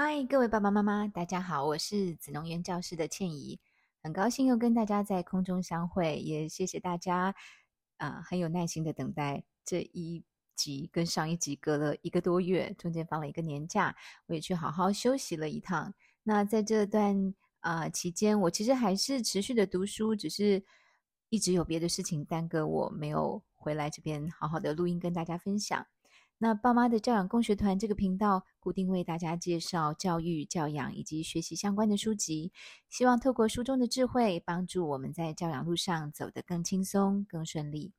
嗨，各位爸爸媽媽，大家好，我是子穠園教室的倩怡，很高興又跟大家在空中相會，也謝謝大家啊、呃，很有耐心的等待這一集跟上一集隔了一個多月，中間放了一個年假，我也去好好休息了一趟。那在這段啊、呃、期間，我其實還是持續的讀書，只是一直有別的事情耽擱，我沒有回來這邊好好的錄音跟大家分享。那爸媽的教養共學團這個頻道，固定為大家介紹教育、教養以及學習相關的書籍，希望透過書中的智慧，幫助我們在教養路上走得更輕鬆、更順利。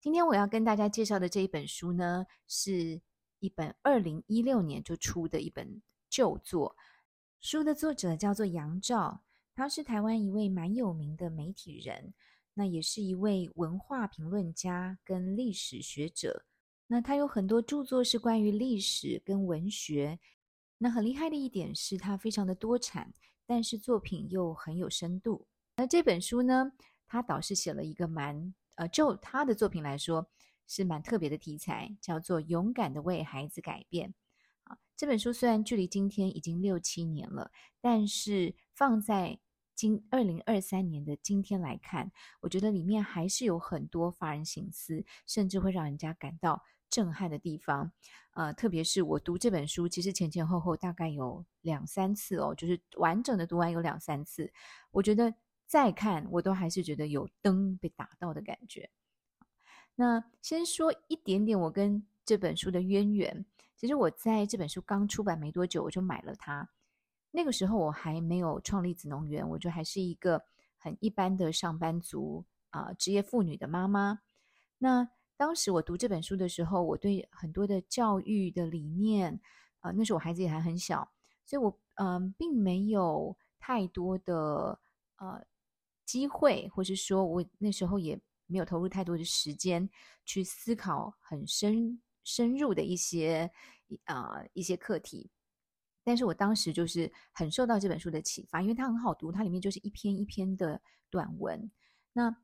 今天我要跟大家介紹的這一本書呢，是一本二零一六年就出的一本舊作。書的作者叫做楊照，他是台灣一位蠻有名的媒體人，那也是一位文化評論家跟歷史學者。那他有很多著作是關於歷史跟文學，那很厲害的一點是他非常的多產，但是作品又很有深度。那這本書呢，他倒是寫了一個蠻呃，就他的作品來說是蠻特別的題材，叫做《勇敢地為孩子改變》。啊，這本書雖然距離今天已經六七年了，但是放在今二零二三年的今天來看，我覺得裡面還是有很多發人深思，甚至會讓人家感到震撼的地方，呃，特別是我讀這本書，其實前前後後大概有兩三次哦，就是完整的讀完有兩三次，我覺得再看我都還是覺得有燈被打到的感覺。那先說一點點我跟這本書的淵源，其實我在這本書剛出版沒多久，我就買了它。那個時候我還沒有創立子穠園，我就還是一個很一般的上班族啊、呃，職業婦女的媽媽。那當時我讀這本書的時候，我對很多的教育的理念，呃，那時候我孩子也還很小，所以我嗯、呃，並沒有太多的呃機會，或是說我那時候也沒有投入太多的時間去思考很深深入的一些啊、呃、一些課題。但是我當時就是很受到這本書的啟發，因為它很好讀，它裡面就是一篇一篇的短文。那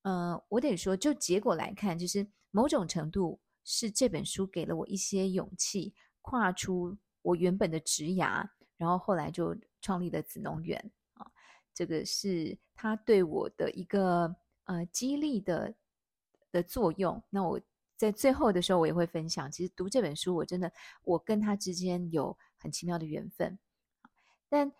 呃，我得說，就結果來看，就是。某種程度是這本書給了我一些勇氣，跨出我原本的職涯，然後後來就創立了子穠園啊、哦。這個是他對我的一個呃激勵的的作用。那我在最後的時候我也會分享，其實讀這本書我真的，我跟他之間有很奇妙的緣分，但。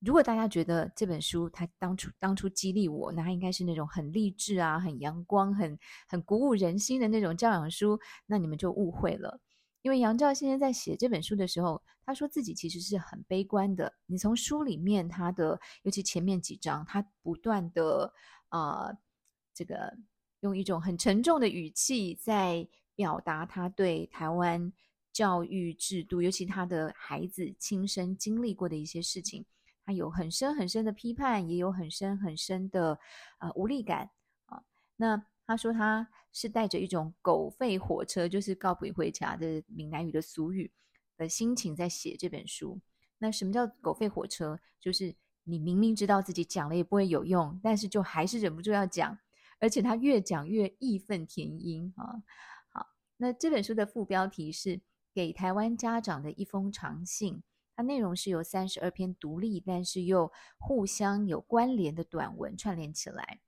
如果大家覺得這本書它當初當初激勵我，那它應該是那種很勵志啊、很陽光、很很鼓舞人心的那種教養書，那你們就誤會了。因為楊照先生在寫這本書的時候，他說自己其實是很悲觀的。你從書裡面他的，尤其前面幾章，他不斷的啊、呃，這個用一種很沉重的語氣在表達他對台灣教育制度，尤其他的孩子親身經歷過的一些事情。他有很深很深的批判，也有很深很深的，呃，無力感啊、哦。那他說他是帶着一種“狗吠火車”，就是告別回家的閩南語的俗語的心情在寫這本書。那什麼叫“狗吠火車”？就是你明明知道自己講了也不會有用，但是就還是忍不住要講，而且他越講越義憤填膺啊、哦。好，那這本書的副標題是《給台灣家長的一封長信》。它內容是由三十二篇獨立但是又互相有關聯的短文串聯起來。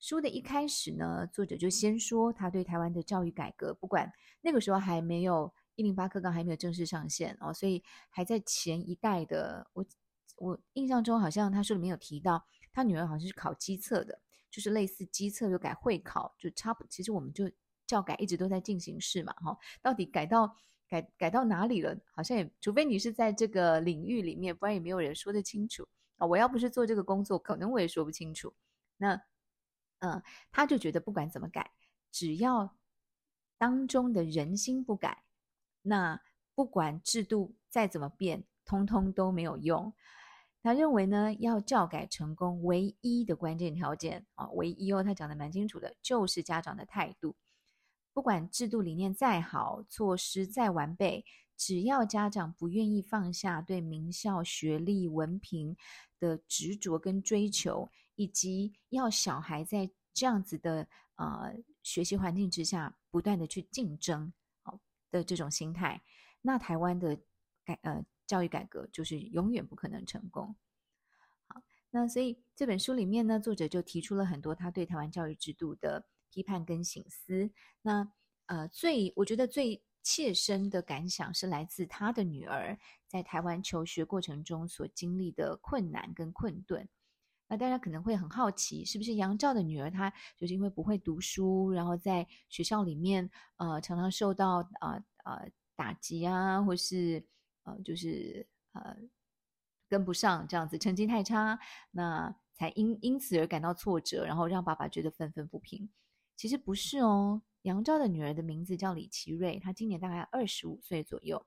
書的一開始呢，作者就先說他對台灣的教育改革，不管那個時候還沒有一零八課綱還沒有正式上線哦，所以還在前一代的。我我印象中好像他書裡面有提到，他女兒好像是考基測的，就是類似基測又改會考，就差不其實我們就教改一直都在進行式嘛，哈、哦，到底改到。改改到哪裡了？好像也，除非你是在這個領域裡面，不然也沒有人說得清楚啊、哦。我要不是做這個工作，可能我也說不清楚。那，嗯，他就覺得不管怎麼改，只要當中的人心不改，那不管制度再怎麼變，通通都沒有用。他認為呢，要教改成功，唯一的關鍵條件啊、哦，唯一哦，他講的蠻清楚的，就是家長的態度。不管制度理念再好，措施再完備，只要家長不願意放下對名校學歷文憑的執着跟追求，以及要小孩在這樣子的呃學習環境之下不斷地去競爭，好的這種心態，那台灣的改呃教育改革就是永遠不可能成功。好，那所以這本書裡面呢，作者就提出了很多他對台灣教育制度的批判跟省思，那呃，最我覺得最切身的感想是來自他的女兒在台灣求學過程中所經歷的困難跟困頓。那大家可能會很好奇，是不是楊照的女兒她就是因為不會讀書，然後在學校裡面呃常常受到啊呃、呃打擊啊，或是呃就是呃跟不上這樣子，成績太差，那才因因此而感到挫折，然後讓爸爸覺得憤憤不平。其實不是哦，楊照的女兒的名字叫李其叡，她今年大概二十五歲左右。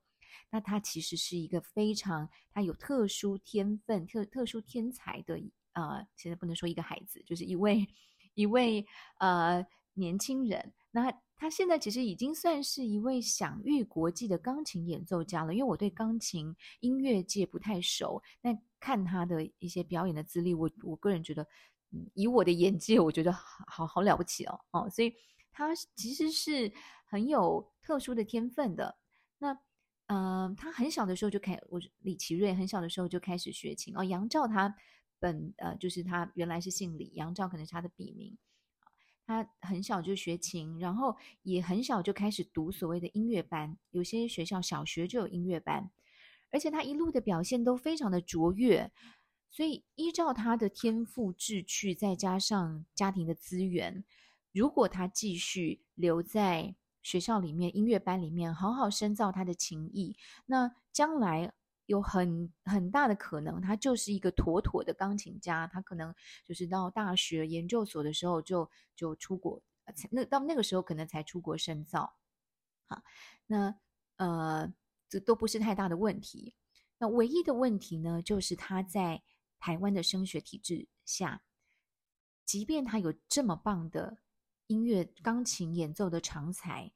那她其實是一個非常，她有特殊天分、特特殊天才的呃，現在不能說一個孩子，就是一位一位呃年輕人。那她,她現在其實已經算是一位享譽國際的鋼琴演奏家了。因為我對鋼琴音樂界不太熟，那看她的一些表演的資歷，我我個人覺得。以我的眼界，我覺得好好好了不起哦哦，所以他其實是很有特殊的天分的。那嗯、呃，他很小的時候就開始，我李奇瑞很小的時候就開始學琴哦。楊照他本呃，就是他原來是姓李，楊照可能是他的筆名。他很小就學琴，然後也很小就開始讀所謂的音樂班。有些學校小學就有音樂班，而且他一路的表現都非常的卓越。所以，依照他的天賦、志趣，再加上家庭的資源，如果他繼續留在學校裡面、音樂班裡面，好好深造他的琴藝，那將來有很很大的可能，他就是一個妥妥的鋼琴家。他可能就是到大學研究所的時候，就就出國，那到那個時候可能才出國深造。那呃，這都不是太大的問題。那唯一的問題呢，就是他在。台灣的升學體制下，即便他有這麼棒的音樂鋼琴演奏的長才，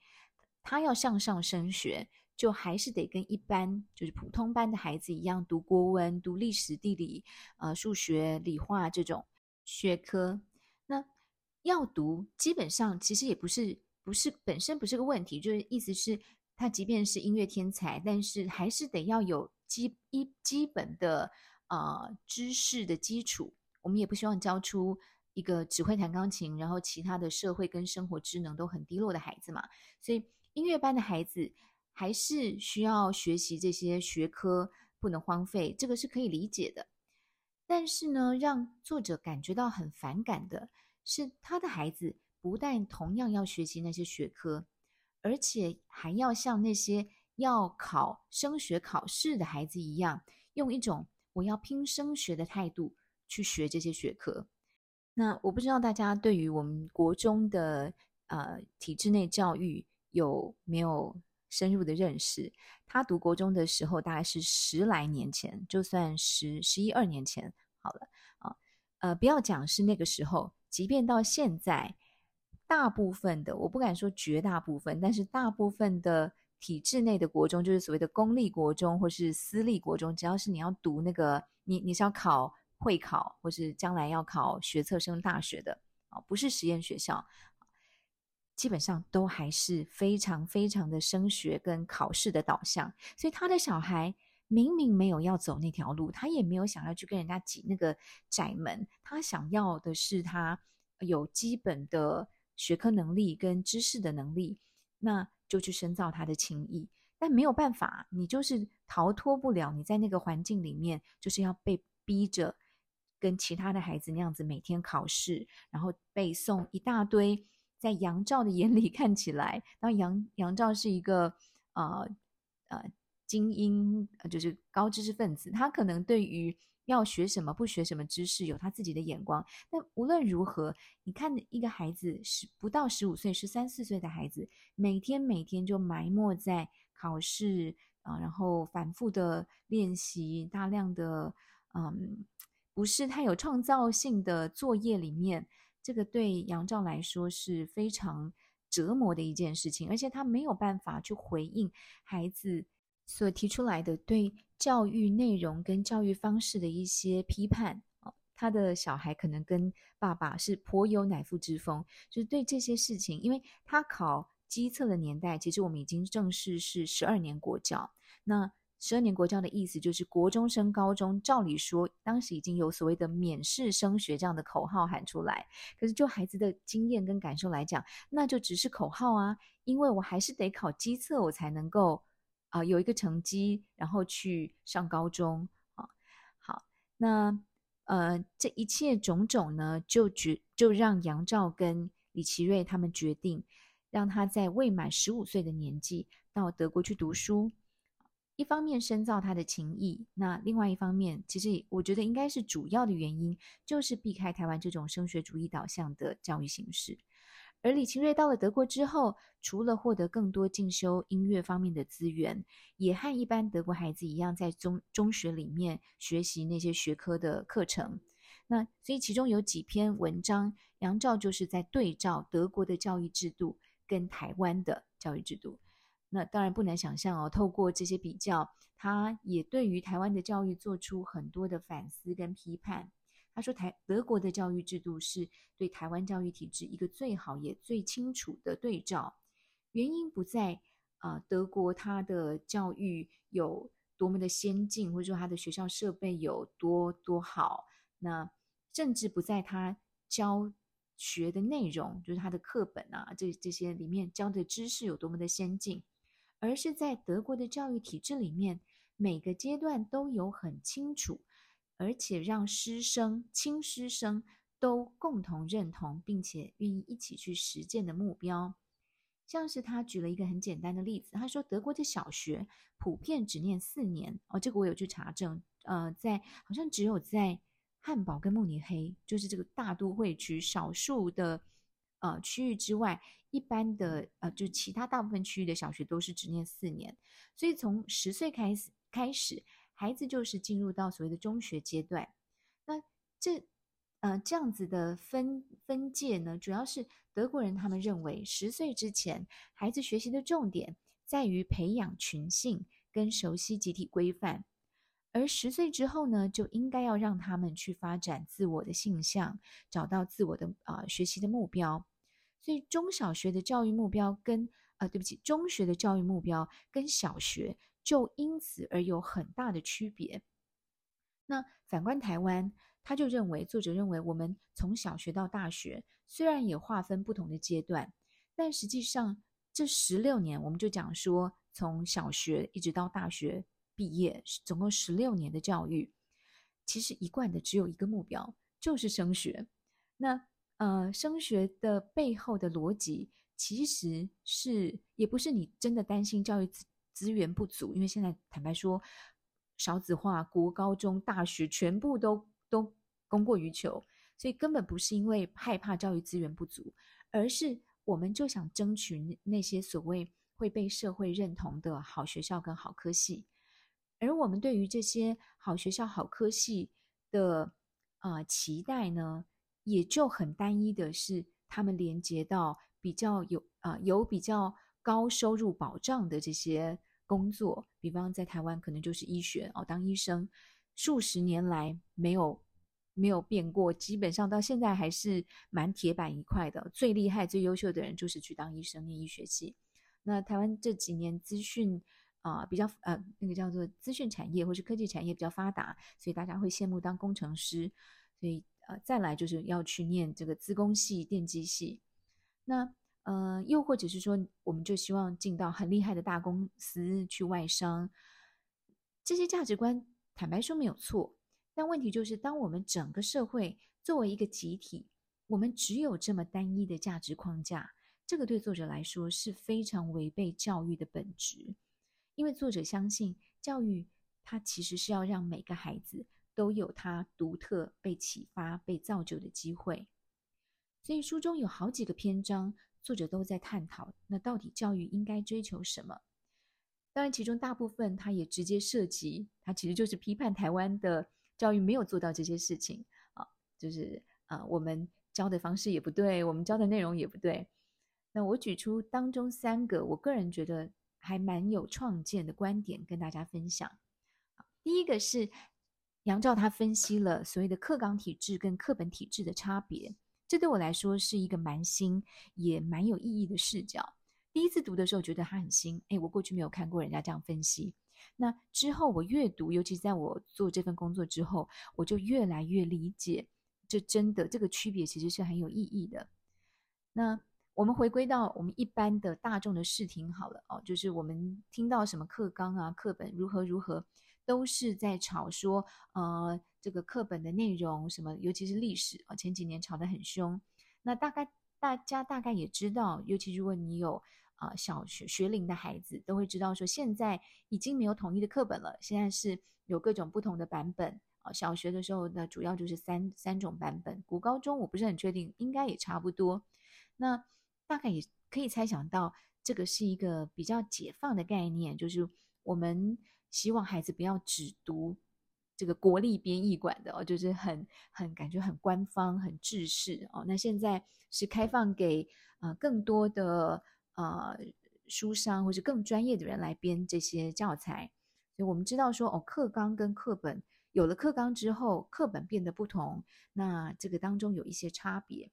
他要向上升學，就還是得跟一般就是普通班的孩子一樣，讀國文、讀歷史、地理、呃數學、理化這種學科。那要讀，基本上其實也不是不是本身不是個問題，就是意思是，他即便是音樂天才，但是還是得要有基一基本的。啊、呃，知識的基礎，我們也不希望教出一個只會彈鋼琴，然後其他的社會跟生活智能都很低落的孩子嘛。所以，音樂班的孩子還是需要學習這些學科，不能荒廢，這個是可以理解的。但是呢，讓作者感覺到很反感的是，他的孩子不但同樣要學習那些學科，而且還要像那些要考升學考試的孩子一樣，用一種。我要拼升學的態度去學這些學科。那我不知道大家對於我們國中的呃體制內教育有沒有深入的認識？他讀國中的時候大概是十來年前，就算十十一二年前好了啊。呃，不要講是那個時候，即便到現在，大部分的我不敢說絕大部分，但是大部分的。體制內的國中就是所謂的公立國中，或是私立國中，只要是你要讀那個，你你是要考會考，或是將來要考學測升大學的，不是實驗學校，基本上都還是非常非常的升學跟考試的導向。所以他的小孩明明沒有要走那條路，他也沒有想要去跟人家擠那個窄門，他想要的是他有基本的學科能力跟知識的能力。那。就去深造他的情誼，但沒有辦法，你就是逃脫不了。你在那個環境裡面，就是要被逼着跟其他的孩子那樣子每天考試，然後背誦一大堆。在楊照的眼裡看起來，當楊楊照是一個呃呃精英，就是高知識分子，他可能對於。要學什麼，不學什麼知識，有他自己的眼光。那無論如何，你看一個孩子，十不到十五歲，十三四歲的孩子，每天每天就埋沒在考試啊，然後反覆的練習，大量的嗯，不是太有創造性的作業裡面，這個對楊照來說是非常折磨的一件事情，而且他沒有辦法去回應孩子所提出來的對。教育內容跟教育方式的一些批判，哦，他的小孩可能跟爸爸是頗有乃父之風，就是對這些事情，因為他考基測的年代，其實我們已經正式是十二年國教。那十二年國教的意思就是國中升高中，照理說當時已經有所謂的免試升學這樣的口號喊出來，可是就孩子的經驗跟感受來講，那就只是口號啊，因為我還是得考基測，我才能夠。啊、呃，有一個成績，然後去上高中啊。好，那呃，這一切種種呢，就決就讓楊照跟李奇瑞他們決定，讓他在未滿十五歲的年紀到德國去讀書，一方面深造他的情誼，那另外一方面，其實我覺得應該是主要的原因，就是避開台灣這種升學主義導向的教育形式。而李清瑞到了德國之後，除了獲得更多進修音樂方面的資源，也和一般德國孩子一樣，在中中學裡面學習那些學科的課程。那所以其中有幾篇文章，楊照就是在對照德國的教育制度跟台灣的教育制度。那當然不難想象哦，透過這些比較，他也對於台灣的教育做出很多的反思跟批判。他說台：“台德國的教育制度，是對台灣教育體制一個最好也最清楚的對照。原因，不在啊、呃，德國它的教育有多麼的先進，或者說它的學校設備有多多好，那甚至不在它教學的內容，就是它的課本啊，這這些裡面教的知識有多麼的先進，而是在德國的教育體制裡面，每個階段都有很清楚，”而且讓師生、親師生都共同認同，並且願意一起去實踐的目標，像是他舉了一個很簡單的例子，他說德國的小學普遍只念四年哦，這個我有去查證，呃，在好像只有在漢堡跟慕尼黑，就是這個大都會區少數的呃區域之外，一般的呃就其他大部分區域的小學都是只念四年，所以從十歲開始開始。孩子就是進入到所謂的中學階段，那這呃這樣子的分分界呢，主要是德國人他們認為十歲之前，孩子學習的重點在於培養群性跟熟悉集體規範，而十歲之後呢，就應該要讓他們去發展自我的性向，找到自我的啊、呃、學習的目標，所以中小學的教育目標跟啊、呃、對不起，中學的教育目標跟小學。就因此而有很大的區別。那反觀台灣，他就認為作者認為我們從小學到大學，雖然也劃分不同的階段，但實際上這十六年，我們就講說從小學一直到大學畢業，總共十六年的教育，其實一貫的只有一個目標，就是升學。那呃，升學的背後的邏輯，其實是也不是你真的擔心教育自體資源不足，因為現在坦白說，少子化、國高中、大學全部都都供過於求，所以根本不是因為害怕教育資源不足，而是我們就想爭取那些所謂會被社會認同的好學校跟好科系，而我們對於這些好學校、好科系的啊、呃、期待呢，也就很單一的，是他們連接到比較有啊、呃、有比較。高收入保障的這些工作，比方在台灣可能就是醫學哦，當醫生，數十年來沒有沒有變過，基本上到現在還是蠻鐵板一塊的。最厲害、最優秀的人就是去當醫生，唸醫學系。那台灣這幾年資訊啊、呃，比較呃，那個叫做資訊產業或是科技產業比較發達，所以大家會羨慕當工程師。所以呃，再來就是要去唸這個資工系、電機系。那呃，又或者是說，我們就希望進到很厲害的大公司、去外商，這些價值觀，坦白說沒有錯。但問題就是，當我們整個社會作為一個集體，我們只有這麼單一的價值框架，這個對作者來說是非常違背教育的本質。因為作者相信，教育它其實是要讓每個孩子都有他獨特被啟發、被造就的機會。所以書中有好幾個篇章。作者都在探討，那到底教育應該追求什麼？當然，其中大部分他也直接涉及，他其實就是批判台灣的教育沒有做到這些事情啊，就是啊，我們教的方式也不對，我們教的內容也不對。那我舉出當中三個，我個人覺得還蠻有創見的觀點跟大家分享。第一個是楊照，他分析了所謂的課綱體制跟課本體制的差別。這對我來說是一個蠻新，也蠻有意義的視角。第一次讀的時候，覺得它很新，誒、哎，我過去沒有看過人家這樣分析。那之後我閱讀，尤其是在我做這份工作之後，我就越來越理解，這真的這個區別其實是很有意義的。那我們回歸到我們一般的大眾的視聽好了哦，就是我們聽到什麼課綱啊、課本如何如何，都是在吵說，呃。這個課本的內容，什麼，尤其是歷史啊，前幾年吵得很兇。那大概大家大概也知道，尤其如果你有啊小學學齡的孩子，都會知道，說現在已經沒有統一的課本了，現在是有各種不同的版本啊。小學的時候呢，主要就是三三種版本，國高中我不是很確定，應該也差不多。那大概也可以猜想到，這個是一個比較解放的概念，就是我們希望孩子不要只讀。這個國立編譯館的哦，就是很很感覺很官方，很制式哦。那現在是開放給呃更多的呃書商或是更專業的人來編這些教材。所以我們知道說哦，課綱跟課本，有了課綱之後，課本變得不同。那這個當中有一些差別，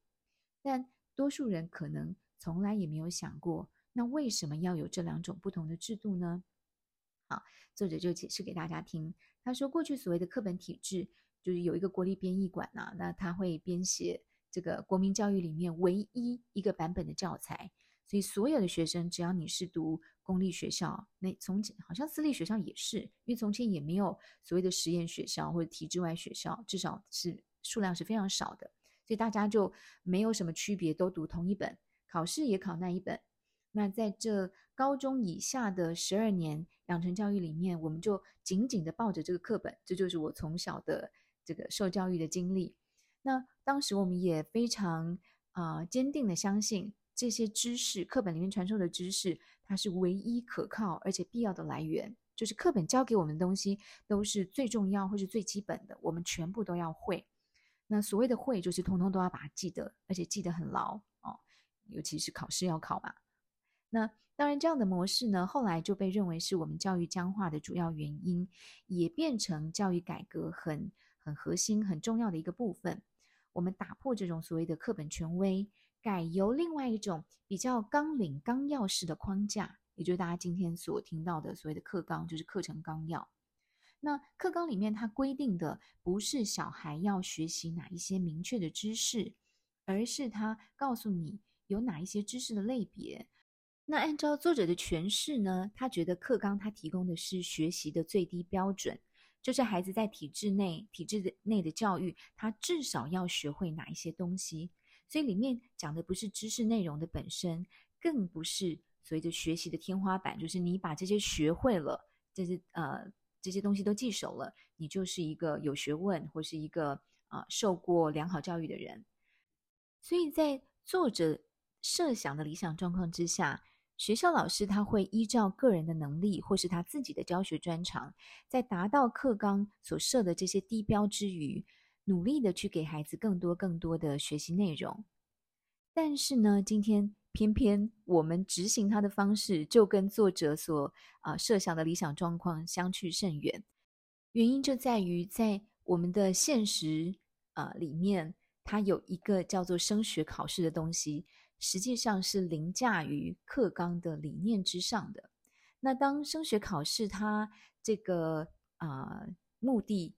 但多數人可能從來也沒有想過，那為什麼要有這兩種不同的制度呢？好，作者就解釋給大家聽。他說，過去所謂的課本體制，就是有一個國立編譯館吶，那他會編寫這個國民教育裡面唯一一個版本的教材，所以所有的學生，只要你是讀公立學校，那從前好像私立學校也是，因為從前也沒有所謂的實驗學校或者體制外學校，至少是數量是非常少的，所以大家就沒有什麼區別，都讀同一本，考試也考那一本。那在這高中以下的十二年養成教育裡面，我們就緊緊的抱着這個課本，這就是我從小的這個受教育的經歷。那當時我們也非常啊、呃、堅定的相信這些知識，課本裡面傳授的知識，它是唯一可靠而且必要的來源，就是課本教給我們的東西都是最重要或是最基本的，我們全部都要會。那所謂的會，就是通通都要把它記得，而且記得很牢哦，尤其是考試要考嘛。那當然，這樣的模式呢，後來就被認為是我們教育僵化的主要原因，也變成教育改革很很核心、很重要的一個部分。我們打破這種所謂的課本權威，改由另外一種比較綱領、綱要式的框架，也就是大家今天所聽到的所謂的課綱，就是課程綱要。那課綱裡面它規定的不是小孩要學習哪一些明確的知識，而是它告訴你有哪一些知識的類別。那按照作者的詮釋呢，他覺得課綱他提供的是學習的最低標準，就是孩子在體制內體制的內的教育，他至少要學會哪一些東西。所以裡面講的不是知識內容的本身，更不是所謂的學習的天花板，就是你把這些學會了，這些呃這些東西都記熟了，你就是一個有學問或是一個啊、呃、受過良好教育的人。所以在作者設想的理想狀況之下。學校老師他會依照個人的能力或是他自己的教學專長，在達到課綱所設的這些低標之餘，努力的去給孩子更多更多的學習內容。但是呢，今天偏偏我們執行他的方式，就跟作者所啊、呃、設想的理想狀況相去甚遠。原因就在於在我們的現實啊、呃、裡面，它有一個叫做升學考試的東西。實際上是凌駕於課綱的理念之上的。那當升學考試它這個啊、呃、目的，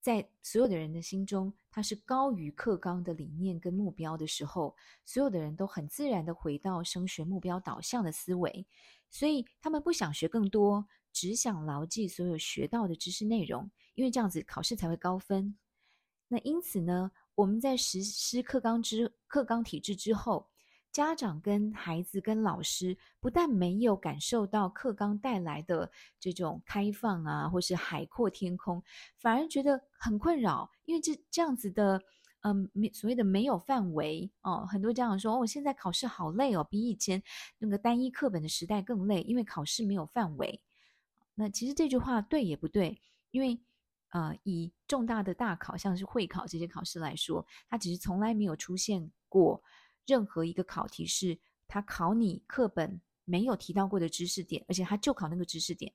在所有的人的心中，它是高於課綱的理念跟目標的時候，所有的人都很自然地回到升學目標導向的思維，所以他們不想學更多，只想牢記所有學到的知識內容，因為這樣子考試才會高分。那因此呢，我們在實施課綱之課綱體制之後。家長跟孩子跟老師不但沒有感受到課綱帶來的這種開放啊，或是海闊天空，反而覺得很困擾，因為這這樣子的，嗯、呃，所謂的沒有範圍哦，很多家長說，我、哦、現在考試好累哦，比以前那個單一課本的時代更累，因為考試沒有範圍。那其實這句話對也不對，因為呃，以重大的大考，像是會考這些考試來說，它只是從來沒有出現過。任何一個考題是，他考你課本沒有提到過的知識點，而且他就考那個知識點。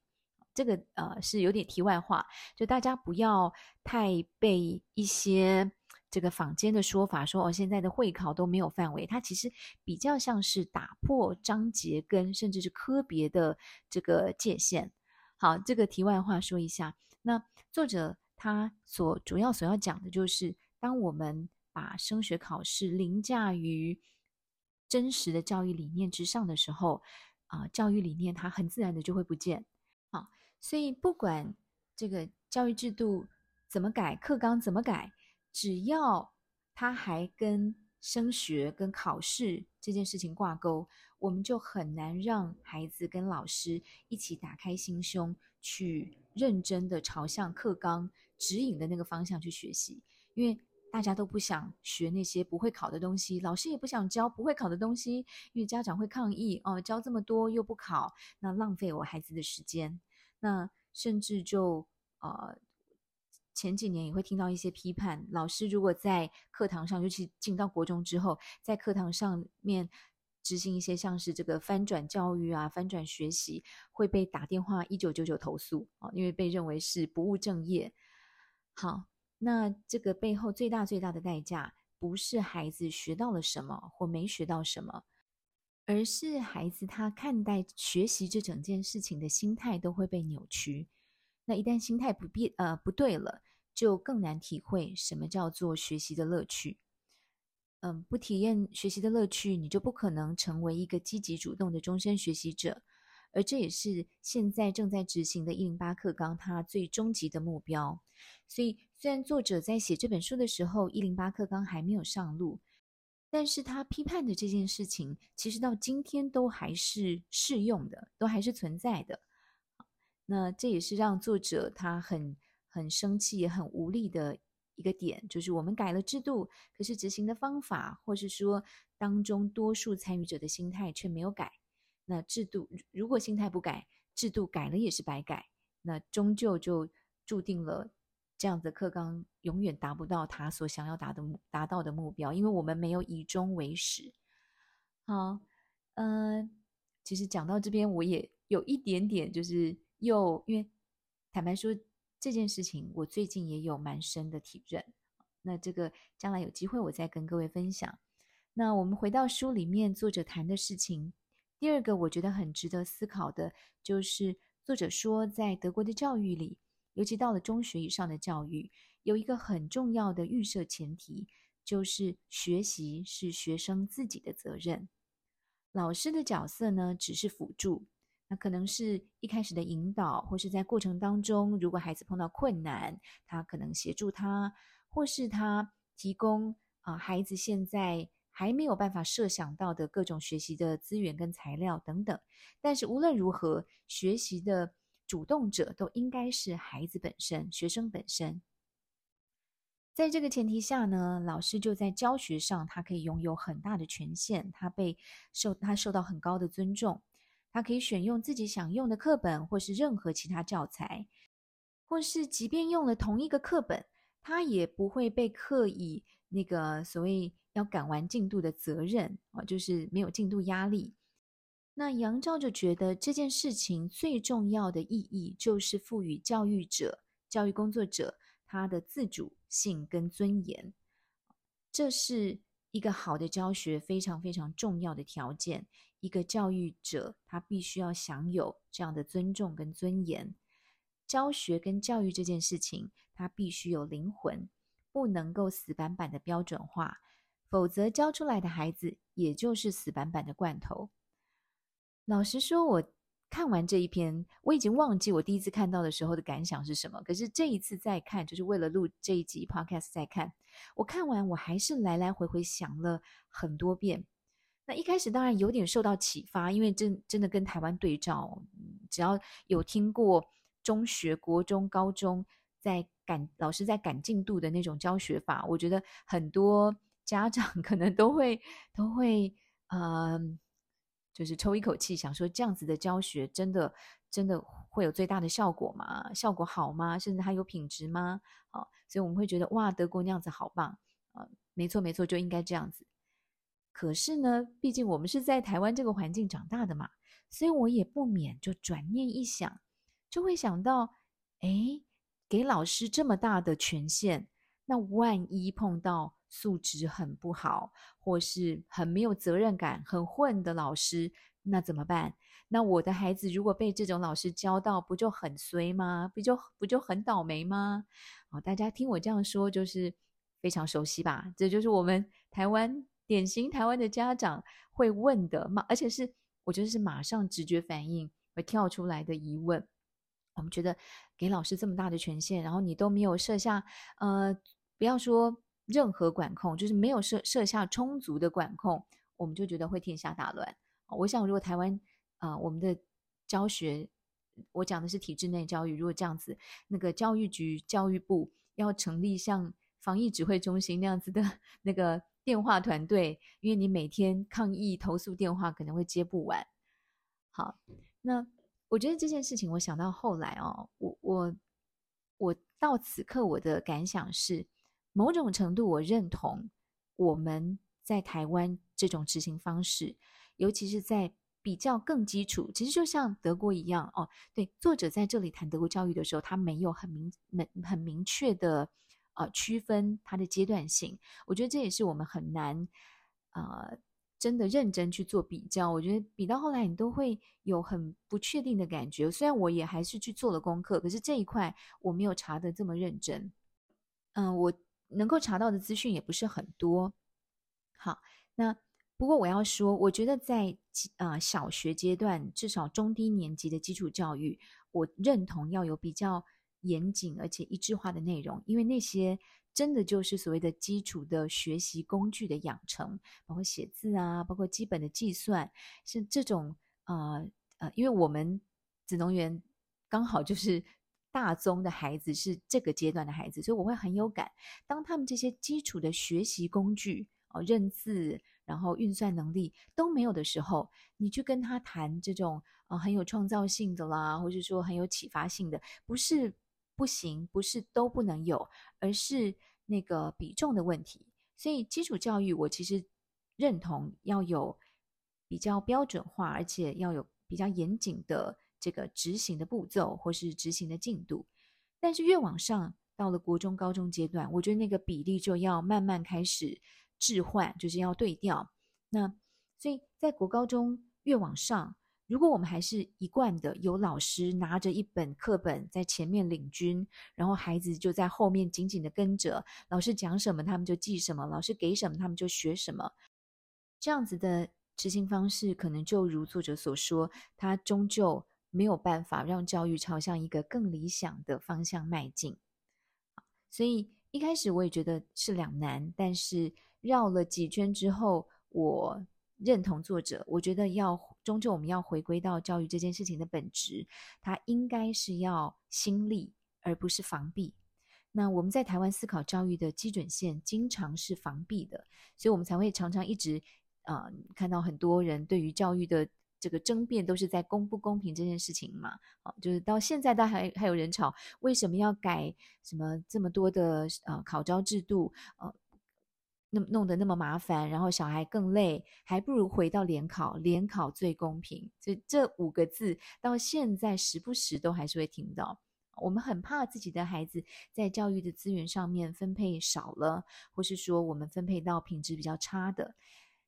這個呃是有點題外話，就大家不要太被一些這個坊間的說法說哦，現在的會考都沒有範圍。它其實比較像是打破章節跟甚至是科別的這個界限。好，這個題外話說一下，那作者他所主要所要講的就是，當我們。把升學考試凌駕於真實的教育理念之上的時候，啊、呃，教育理念它很自然的就會不見。好、啊，所以不管這個教育制度怎麼改，課綱怎麼改，只要它還跟升學、跟考試這件事情掛鈎，我們就很難讓孩子跟老師一起打開心胸去認真的朝向課綱指引的那個方向去學習，因為。大家都不想學那些不會考的東西，老師也不想教不會考的東西，因為家長會抗議哦，教這麼多又不考，那浪費我孩子的時間。那甚至就呃前幾年也會聽到一些批判，老師如果在課堂上，尤其進到國中之後，在課堂上面執行一些像是這個翻轉教育啊、翻轉學習，會被打電話一九九九投訴啊，哦，因為被認為是不務正業。好。那這個背後最大最大的代價，不是孩子學到了什麼或沒學到什麼，而是孩子他看待學習這整件事情的心態都會被扭曲。那一旦心態不變，呃，不對了，就更難體會什麼叫做學習的樂趣。嗯，不體驗學習的樂趣，你就不可能成為一個積極主動的終身學習者。而這也是現在正在執行的“一零八課綱”它最終極的目標。所以，雖然作者在寫這本書的時候，“一零八課綱”還沒有上路，但是他批判的這件事情，其實到今天都還是適用的，都還是存在的。那這也是讓作者他很很生氣、也很無力的一個點，就是我們改了制度，可是執行的方法，或是說當中多數參與者的心態，卻沒有改。那制度如果心態不改，制度改了也是白改。那終究就注定了，這樣子的課綱永遠達不到他所想要達的達到的目標，因為我們沒有以終為始。好，嗯、呃，其實講到這邊，我也有一點點，就是又因為坦白說這件事情，我最近也有蠻深的體認。那這個將來有機會我再跟各位分享。那我們回到書裡面作者談的事情。第二個我覺得很值得思考的，就是作者說，在德國的教育裡，尤其到了中學以上的教育，有一個很重要的預設前提，就是學習是學生自己的責任，老師的角色呢只是輔助。那可能是一開始的引導，或是在過程當中，如果孩子碰到困難，他可能協助他，或是他提供啊、呃，孩子現在。還沒有辦法設想到的各種學習的資源跟材料等等，但是無論如何，學習的主動者都應該是孩子本身、學生本身。在這個前提下呢，老師就在教學上，他可以擁有很大的權限，他被受，他受到很高的尊重，他可以選用自己想用的課本或是任何其他教材，或是即便用了同一個課本，他也不會被刻意那個所謂。要趕完進度的責任啊，就是沒有進度壓力。那楊照就覺得這件事情最重要的意義，就是賦予教育者、教育工作者他的自主性跟尊嚴。這是一個好的教學非常非常重要的條件。一個教育者他必須要享有這樣的尊重跟尊嚴。教學跟教育這件事情，他必須有靈魂，不能夠死板板的標準化。否則教出來的孩子也就是死板板的罐頭。老實說，我看完這一篇，我已經忘記我第一次看到的時候的感想是什麼。可是這一次再看，就是為了錄這一集 Podcast 再看。我看完，我還是來來回回想了很多遍。那一開始當然有點受到啟發，因為真真的跟台灣對照，只要有聽過中學、國中、高中，在趕老師在趕進度的那種教學法，我覺得很多。家長可能都會都會，嗯、呃，就是抽一口氣，想說這樣子的教學真的真的會有最大的效果嗎？效果好嗎？甚至還有品質嗎？啊、哦，所以我們會覺得哇，德國那樣子好棒啊、呃！沒錯沒錯，就應該這樣子。可是呢，畢竟我們是在台灣這個環境長大的嘛，所以我也不免就轉念一想，就會想到，哎，給老師這麼大的權限，那萬一碰到？素質很不好，或是很沒有責任感、很混的老師，那怎麼辦？那我的孩子如果被這種老師教到，不就很衰嗎？不就不就很倒霉嗎？哦，大家聽我這樣說，就是非常熟悉吧？這就是我們台灣典型台灣的家長會問的，而且是我覺得是馬上直覺反應而跳出來的疑問。我們覺得給老師這麼大的權限，然後你都沒有設下，呃，不要說。任何管控，就是沒有設設下充足的管控，我們就覺得會天下大亂。我想，如果台灣啊、呃，我們的教學，我講的是體制內教育，如果這樣子，那個教育局、教育部要成立像防疫指揮中心那樣子的那個電話團隊，因為你每天抗議投訴電話可能會接不完。好，那我覺得這件事情，我想到後來哦，我我我到此刻我的感想是。某種程度，我認同我們在台灣這種執行方式，尤其是在比較更基礎，其實就像德國一樣哦。對，作者在這裡談德國教育的時候，他沒有很明、很很明確的啊、呃、區分它的階段性。我覺得這也是我們很難啊、呃、真的認真去做比較。我覺得比到後來，你都會有很不確定的感覺。雖然我也還是去做了功課，可是這一塊我沒有查得這麼認真。嗯、呃，我。能夠查到的資訊也不是很多。好，那不過我要說，我覺得在啊、呃、小學階段，至少中低年級的基礎教育，我認同要有比較嚴謹而且一致化的內容，因為那些真的就是所謂的基礎的學習工具的養成，包括寫字啊，包括基本的計算，是這種啊呃、呃，因為我們子穠園剛好就是。大宗的孩子是這個階段的孩子，所以我會很有感。當他們這些基礎的學習工具，哦，認字，然後運算能力都沒有的時候，你去跟他談這種、呃、很有創造性的啦，或者說很有啟發性的，不是不行，不是都不能有，而是那個比重的問題。所以基礎教育我其實認同要有比較標準化，而且要有比較嚴謹的。這個執行的步驟或是執行的進度，但是越往上到了國中、高中階段，我覺得那個比例就要慢慢開始置換，就是要對調。那所以在國高中越往上，如果我們還是一貫的有老師拿着一本課本在前面領軍，然後孩子就在後面緊緊的跟着，老師講什麼他們就記什麼，老師給什麼他們就學什麼，這樣子的執行方式，可能就如作者所說，他終究。沒有辦法讓教育朝向一個更理想的方向邁進，所以一開始我也覺得是兩難。但是繞了幾圈之後，我認同作者，我覺得要終究我們要回歸到教育這件事情的本質，它應該是要興利，而不是防弊。那我們在台灣思考教育的基準線，經常是防弊的，所以我們才會常常一直啊、呃、看到很多人對於教育的。這個爭辯都是在公不公平這件事情嘛？哦，就是到現在，都還還有人吵，為什麼要改什麼這麼多的呃考招制度呃，那麼弄得那麼麻煩，然後小孩更累，還不如回到聯考，聯考最公平。這這五個字到現在時不時都還是會聽到。我們很怕自己的孩子在教育的資源上面分配少了，或是說我們分配到品質比較差的。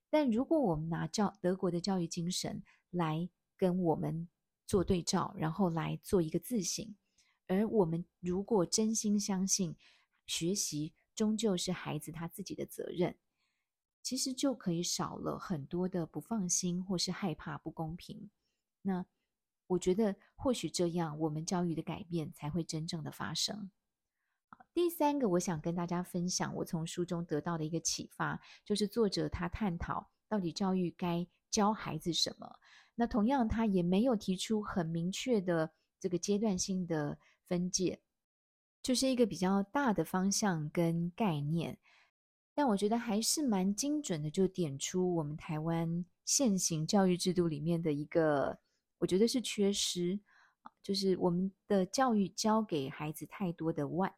但如果我們拿教德國的教育精神，來跟我們做對照，然後來做一個自省。而我們如果真心相信，學習終究是孩子他自己的責任，其實就可以少了很多的不放心或是害怕不公平。那我覺得，或許這樣，我們教育的改變才會真正的發生。第三個，我想跟大家分享，我從書中得到的一個啟發，就是作者他探討到底教育該教孩子什麼。那同樣，他也沒有提出很明確的這個階段性的分界，就是一個比較大的方向跟概念。但我覺得還是蠻精準的，就點出我們台灣現行教育制度裡面的一個，我覺得是缺失，就是我們的教育教給孩子太多的 what，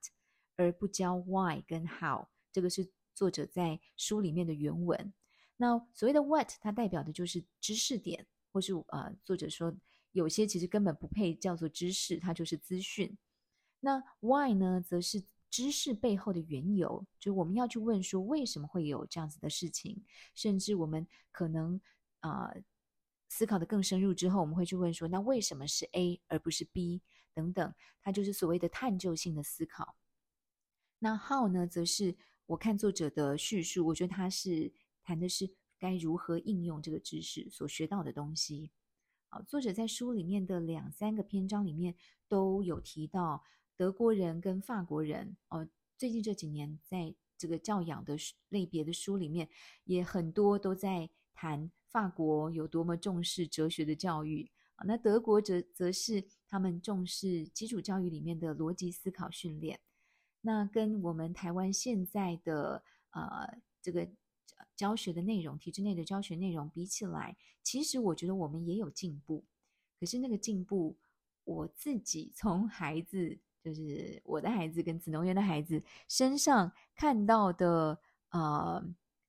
而不教 why 跟 how。這個是作者在書裡面的原文。那所謂的 what，它代表的就是知識點。或是呃，作者說有些其實根本不配叫做知識，它就是資訊。那 why 呢，則是知識背後的緣由，就我們要去問說為什麼會有這樣子的事情，甚至我們可能啊、呃、思考的更深入之後，我們會去問說那為什麼是 A 而不是 B 等等，它就是所謂的探究性的思考。那 how 呢，則是我看作者的敘述，我覺得他是談的是。該如何應用這個知識所學到的東西？好，作者在書裡面的兩三個篇章裡面都有提到德國人跟法國人。哦，最近這幾年在這個教養的類別的書裡面，也很多都在談法國有多麼重視哲學的教育。那德國則則是他們重視基礎教育裡面的邏輯思考訓練。那跟我們台灣現在的呃這個。教學的內容，體制內的教學內容比起來，其實我覺得我們也有進步。可是那個進步，我自己從孩子，就是我的孩子跟子穠園的孩子身上看到的，呃，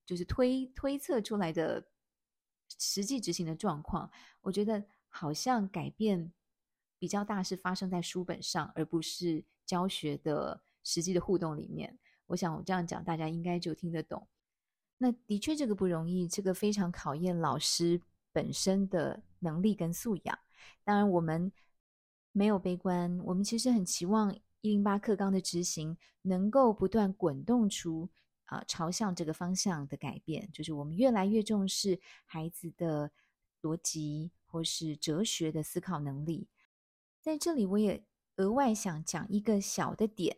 就是推推測出來的實際執行的狀況，我覺得好像改變比較大是發生在書本上，而不是教學的實際的互動裡面。我想我這樣講，大家應該就聽得懂。那的確，這個不容易，這個非常考驗老師本身的能力跟素養。當然，我們沒有悲觀，我們其實很期望一零八課綱的執行能夠不斷滾動出啊、呃，朝向這個方向的改變，就是我們越來越重視孩子的邏輯或是哲學的思考能力。在這裡，我也額外想講一個小的點。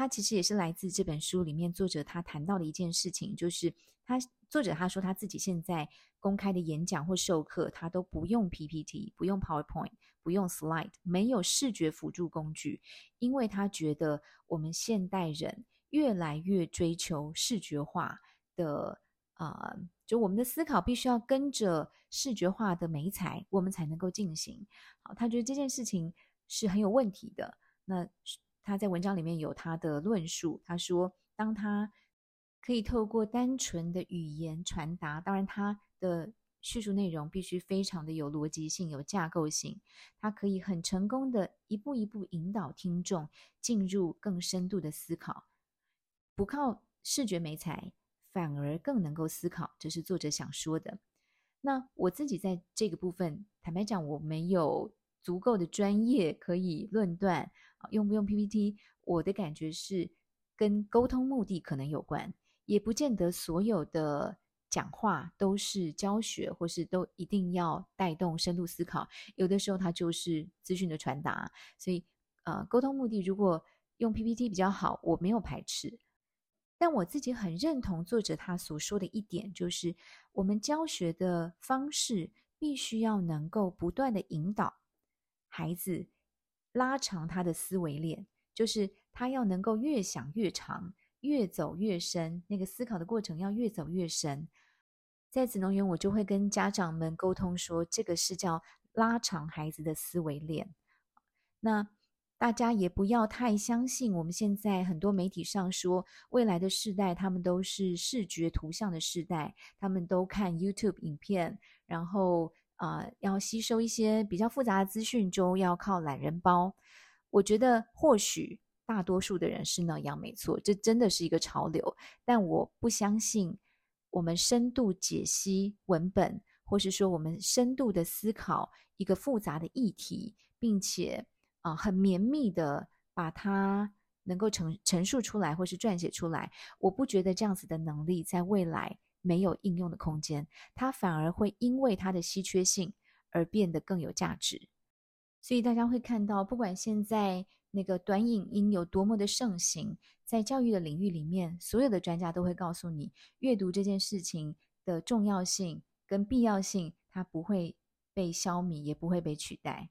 他其實也是來自這本書裡面作者他談到的一件事情，就是他作者他說他自己現在公開的演講或授課，他都不用 PPT，不用 PowerPoint，不用 Slide，沒有視覺輔助工具，因為他覺得我們現代人越來越追求視覺化的啊、呃，就我們的思考必須要跟着視覺化的媒材，我們才能夠進行。好，他覺得這件事情是很有問題的，那。他在文章裡面有他的論述，他說，當他可以透過單純的語言傳達，當然他的敘述內容必須非常的有邏輯性、有架構性，他可以很成功的一步一步引導聽眾進入更深度的思考，不靠視覺媒材，反而更能夠思考，這是作者想說的。那我自己在這個部分，坦白講，我沒有足夠的專業可以論斷。用不用 PPT，我的感覺是跟溝通目的可能有關，也不見得所有的講話都是教學，或是都一定要帶動深度思考。有的時候它就是資訊的傳達，所以呃，溝通目的如果用 PPT 比較好，我沒有排斥。但我自己很認同作者他所說的一點，就是我們教學的方式必須要能夠不斷的引導孩子。拉長他的思維鏈，就是他要能夠越想越長，越走越深。那個思考的過程要越走越深。在子穠園，我就會跟家長們溝通說，這個是叫拉長孩子的思維鏈。那大家也不要太相信，我們現在很多媒體上說，未來的世代他們都是視覺圖像的世代，他們都看 YouTube 影片，然後。啊、呃，要吸收一些比較複雜的資訊中，就要靠懶人包。我覺得或許大多數的人是那樣，沒錯，這真的是一個潮流。但我不相信，我們深度解析文本，或是說我們深度的思考一個複雜的議題，並且啊、呃，很綿密的把它能夠呈陳述出來，或是撰寫出來，我不覺得這樣子的能力在未來，沒有應用的空間，它反而會因為它的稀缺性而變得更有價值。所以大家會看到，不管現在那個短影音有多麼的盛行，在教育的領域裡面，所有的專家都會告訴你，閱讀這件事情的重要性跟必要性，它不會被消弭，也不會被取代。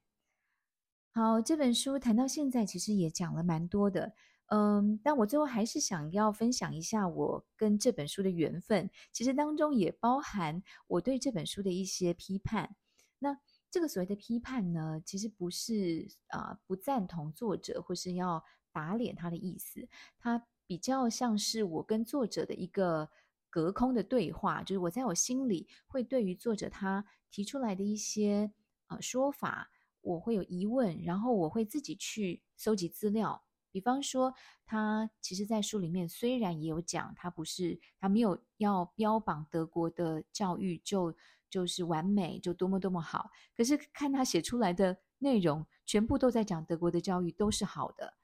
好，這本書談到現在，其實也講了蠻多的。嗯，但我最後還是想要分享一下我跟這本書的緣分。其實當中也包含我對這本書的一些批判。那這個所謂的批判呢，其實不是啊、呃、不贊同作者或是要打臉他的意思。它，比較像是我跟作者的一個隔空的對話，就是我在我心裡會對於作者他提出來的一些呃說法，我會有疑問，然後我會自己去搜集資料。比方說，他其實，在書裡面雖然也有講，他不是，他沒有要標榜德國的教育就就是完美，就多麼多麼好。可是看他寫出來的內容，全部都在講德國的教育都是好的。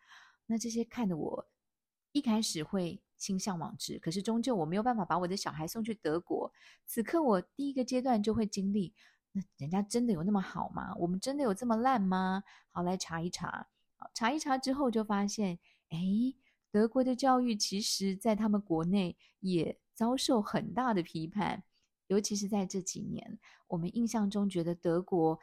那這些看得我一開始會心嚮往之，可是終究我沒有辦法把我的小孩送去德國。此刻我第一個階段就會經歷，那人家真的有那麼好嗎？我們真的有這麼爛嗎？好，來查一查。查一查之後，就發現，誒，德國的教育其實，在他們國內也遭受很大的批判，尤其是在這幾年。我們印象中覺得德國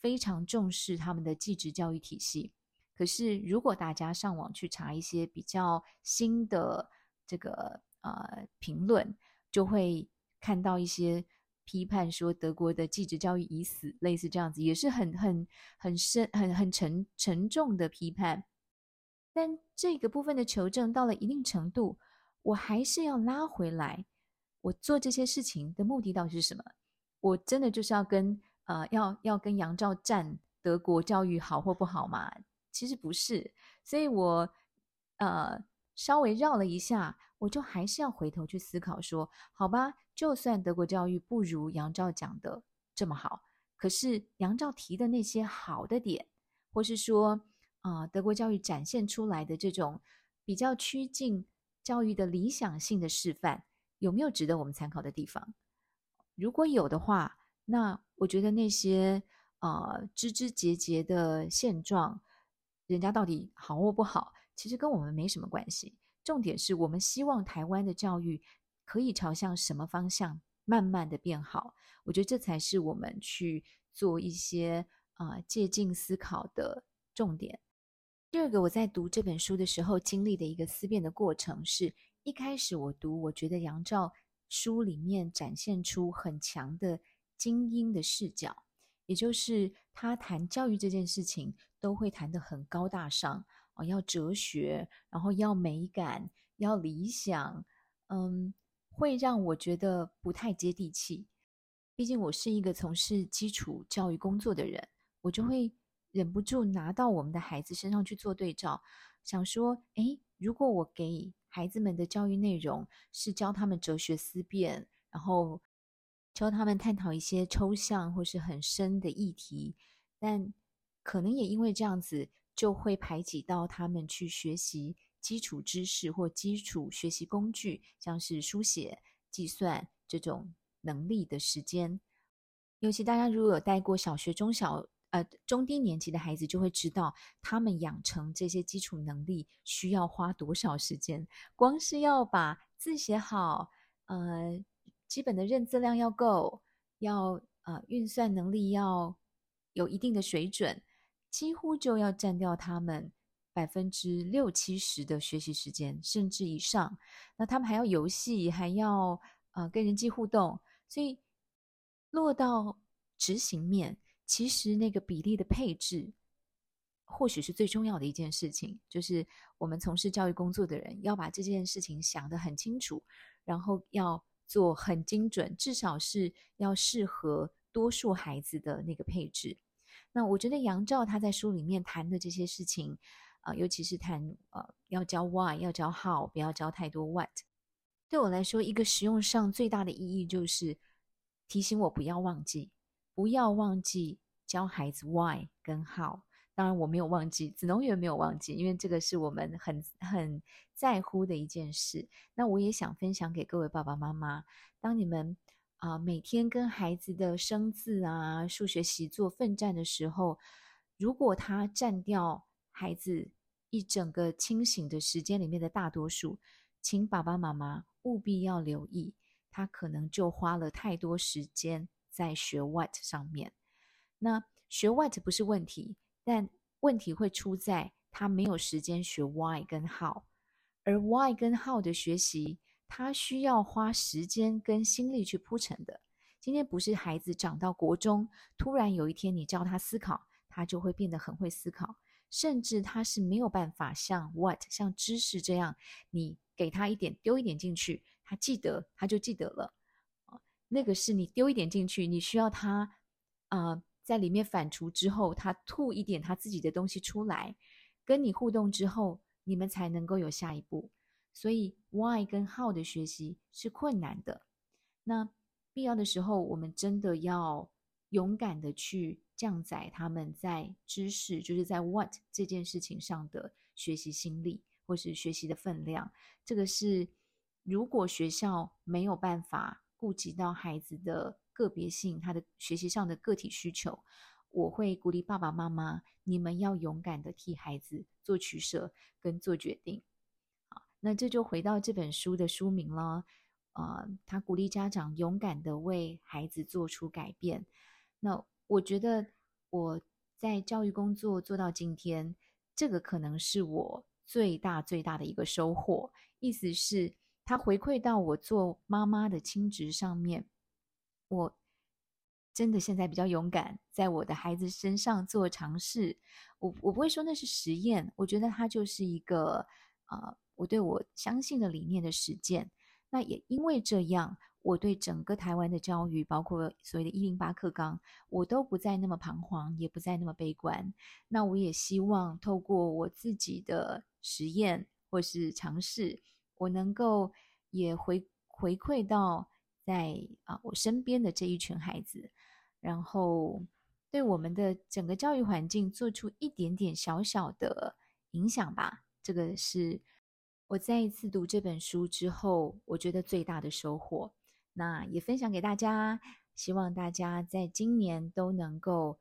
非常重視他們的技職教育體系，可是如果大家上網去查一些比較新的這個呃評論，就會看到一些。批判說德國的技職教育已死，類似這樣子也是很很很深、很很沉沉重的批判。但這個部分的求證到了一定程度，我還是要拉回來。我做這些事情的目的到底是什麼？我真的就是要跟呃要要跟楊照戰德國教育好或不好嘛？其實不是，所以我呃稍微繞了一下，我就還是要回頭去思考說，好吧。就算德國教育不如楊照講的這麼好，可是楊照提的那些好的點，或是說啊、呃，德國教育展現出來的這種比較趨近教育的理想性的示範，有沒有值得我們參考的地方？如果有的話，那我覺得那些啊、呃、枝枝節節的現狀，人家到底好或不好，其實跟我們沒什麼關係。重點是我們希望台灣的教育。可以朝向什麼方向慢慢的變好？我覺得這才是我們去做一些啊借鏡思考的重點。第二個，我在讀這本書的時候經歷的一個思辨的過程是，是一開始我讀，我覺得楊照書裡面展現出很強的精英的視角，也就是他談教育這件事情都會談得很高大上啊、哦，要哲學，然後要美感，要理想，嗯。會讓我覺得不太接地氣。畢竟我是一個從事基礎教育工作的人，我就會忍不住拿到我們的孩子身上去做對照，想說：誒，如果我給孩子們的教育內容是教他們哲學思辨，然後教他們探討一些抽象或是很深的議題，但可能也因為這樣子，就會排擠到他們去學習。基礎知識或基礎學習工具，像是書寫、計算這種能力的時間，尤其大家如果有帶過小學、中小呃中低年級的孩子，就會知道他們養成這些基礎能力需要花多少時間。光是要把字寫好，呃，基本的認字量要夠，要呃運算能力要有一定的水準，幾乎就要占掉他們。百分之六七十的學習時間，甚至以上，那他們還要遊戲，還要呃跟人際互動，所以落到執行面，其實那個比例的配置，或許是最重要的一件事情，就是我們從事教育工作的人要把這件事情想得很清楚，然後要做很精準，至少是要適合多數孩子的那個配置。那我覺得楊照他在書裡面談的這些事情。啊、呃，尤其是談呃，要教 why，要教 how，不要教太多 what。對我來說，一個實用上最大的意義就是提醒我不要忘記，不要忘記教孩子 why 跟 how。當然，我沒有忘記，子穠園也沒有忘記，因為這個是我們很很在乎的一件事。那我也想分享給各位爸爸媽媽，當你們啊、呃、每天跟孩子的生字啊、數學習作奮戰的時候，如果他占掉孩子，一整個清醒的時間裡面的大多數，請爸爸媽媽務必要留意，他可能就花了太多時間在學 what 上面。那學 what 不是問題，但問題會出在他沒有時間學 why 跟 how。而 why 跟 how 的學習，他需要花時間跟心力去鋪陳的。今天不是孩子長到國中，突然有一天你叫他思考，他就會變得很會思考。甚至他是沒有辦法像 what 像知識這樣，你給他一點丟一點進去，他記得他就記得了。那個是你丟一點進去，你需要他啊、呃、在裡面反芻之後，他吐一點他自己的東西出來，跟你互動之後，你們才能夠有下一步。所以 why 跟 how 的學習是困難的。那必要的時候，我們真的要勇敢的去。降載他們在知識，就是在 what 這件事情上的學習心力，或是學習的分量。這個是如果學校沒有辦法顧及到孩子的個別性，他的學習上的個體需求，我會鼓勵爸爸媽媽，你們要勇敢地替孩子做取捨跟做決定。好，那這就回到這本書的書名了。啊、呃，他鼓勵家長勇敢地為孩子做出改變。那。我覺得我在教育工作做到今天，這個可能是我最大最大的一個收穫。意思是它回饋到我做媽媽的親職上面，我真的現在比較勇敢，在我的孩子身上做嘗試。我我不會說那是實驗，我覺得它就是一個啊、呃，我對我相信的理念的實踐。那也因為這樣。我對整個台灣的教育，包括所謂的“一零八課綱”，我都不再那麼彷徨，也不再那麼悲觀。那我也希望透過我自己的實驗或是嘗試，我能夠也回回饋到在啊我身邊的這一群孩子，然後對我們的整個教育環境，做出一點點小小的影響吧。這個是我再一次讀這本書之後，我覺得最大的收穫。那也分享給大家，希望大家在今年都能夠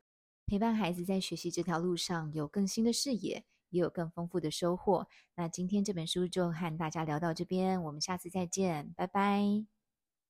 陪伴孩子在學習這條路上有更新的視野，也有更豐富的收穫。那今天這本書就和大家聊到這邊，我們下次再見，拜拜。